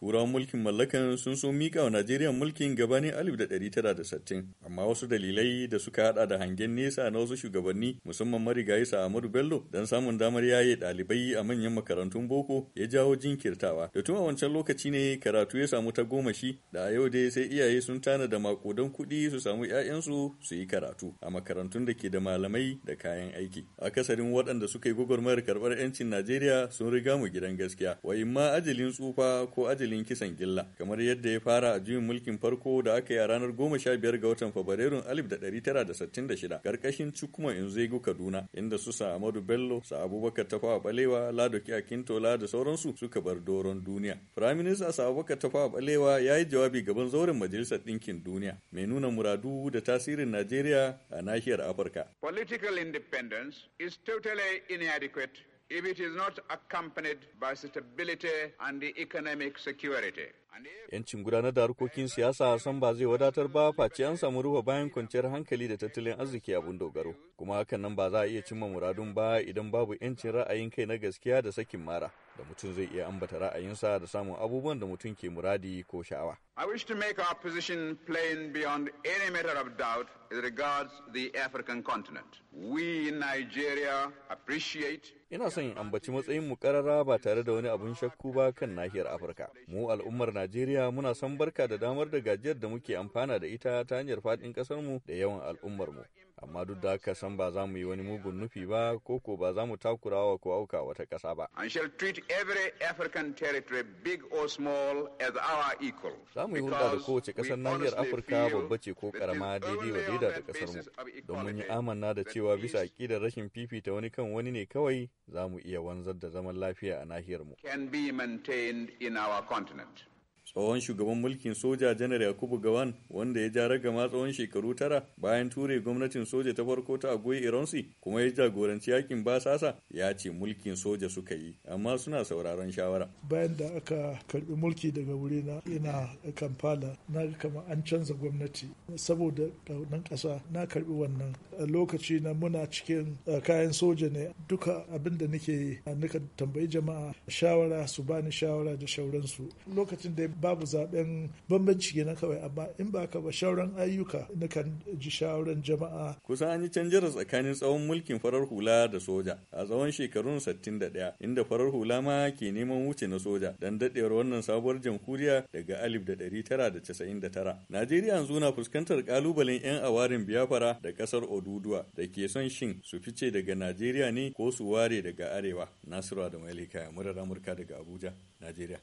Turawan mulkin mallakan sun so mika wa Najeriya mulkin gabanin 1960, amma wasu dalilai da suka hada da hangen nesa na wasu shugabanni musamman marigayi Sa'amadu Bello don samun damar yaye ɗalibai a manyan makarantun boko ya jawo jinkirtawa. Da tun a wancan lokaci ne karatu ya samu ta goma da a yau dai sai iyaye sun tana da makodan kuɗi su samu 'ya'yansu su yi karatu a makarantun da ke da malamai da kayan aiki. Akasarin waɗanda suka yi gwagwarmayar karɓar 'yancin Najeriya sun riga mu gidan gaskiya, wa ma ajalin tsufa ko ajalin dandalin kisan gilla kamar yadda ya fara a juyin mulkin farko da aka yi a ranar 15 ga watan Fabrairun 1966 karkashin Cukuma Inzego Kaduna inda su sa Amadu Bello, sa Abubakar Tafawa Balewa, Ladoki Akintola da sauransu suka bar doron duniya. Firaminista sa Abubakar Tafawa Balewa ya yi jawabi gaban zauren Majalisar Ɗinkin Duniya mai nuna muradu da tasirin Najeriya a nahiyar Afirka. Political independence is totally inadequate if it is not accompanied by stability and economic security. Yancin gudanar da harkokin siyasa san ba zai wadatar ba face an samu ruwa bayan kwanciyar hankali da tattalin arziki abun dogaro. Kuma hakan nan ba za a iya cimma muradun ba idan babu yancin ra'ayin kai na gaskiya da sakin mara da mutum zai iya ambata ra'ayinsa da samun abubuwan da mutum ke muradi ko sha'awa. I wish to make our position plain beyond any matter of doubt as regards the African continent. We in Nigeria appreciate Ina son in ambaci matsayin mu karara ba tare da wani abun shakku ba kan nahiyar Afirka. Mu al'ummar na Najeriya muna son barka da damar da gajiyar da muke amfana da ita ta hanyar faɗin mu da yawan al'ummar mu Amma duk da haka san ba za mu yi wani mugun nufi ba ko ko ba za mu takurawa ko auka wata kasa ba. I shall treat every African territory big or small as our equal. Za mu yi hulɗa da kowace ƙasar nahiyar Afirka babba ce ko ƙarama daidai wa daida da ƙasarmu. Don mun yi amanna da cewa bisa aƙidar rashin fifita wani kan wani ne kawai za mu iya wanzar da zaman lafiya a nahiyarmu. Can be maintained in our continent. tsohon shugaban mulkin soja janar yakubu gawan wanda ya ja ragama tsawon shekaru tara bayan ture gwamnatin soja ta farko ta agoyi ironsi kuma ya jagoranci yakin basasa ya ce mulkin soja suka yi amma suna sauraron shawara bayan da aka karbi mulki daga wuri wurina ina kampala na kama an canza gwamnati saboda ɗaunan ƙasa na karbi wannan lokaci na muna cikin kayan soja ne duka abin da nake nika tambayi jama'a shawara su bani shawara da shauransu lokacin da babu zaben bambanci na kawai amma in ba ka ba shauran ayyuka na kan ji shauran jama'a kusan an yi canjar tsakanin tsawon mulkin farar hula da soja a tsawon shekarun 61 inda farar hula ma ke neman wuce na soja dan dadewar wannan sabuwar jamhuriya daga 1999 Najeriya yanzu na fuskantar kalubalen 'yan awarin biyafara da kasar Oduduwa da ke son shin su fice daga Najeriya ne ko su ware daga arewa Nasiru da Malika murar Amurka daga Abuja Najeriya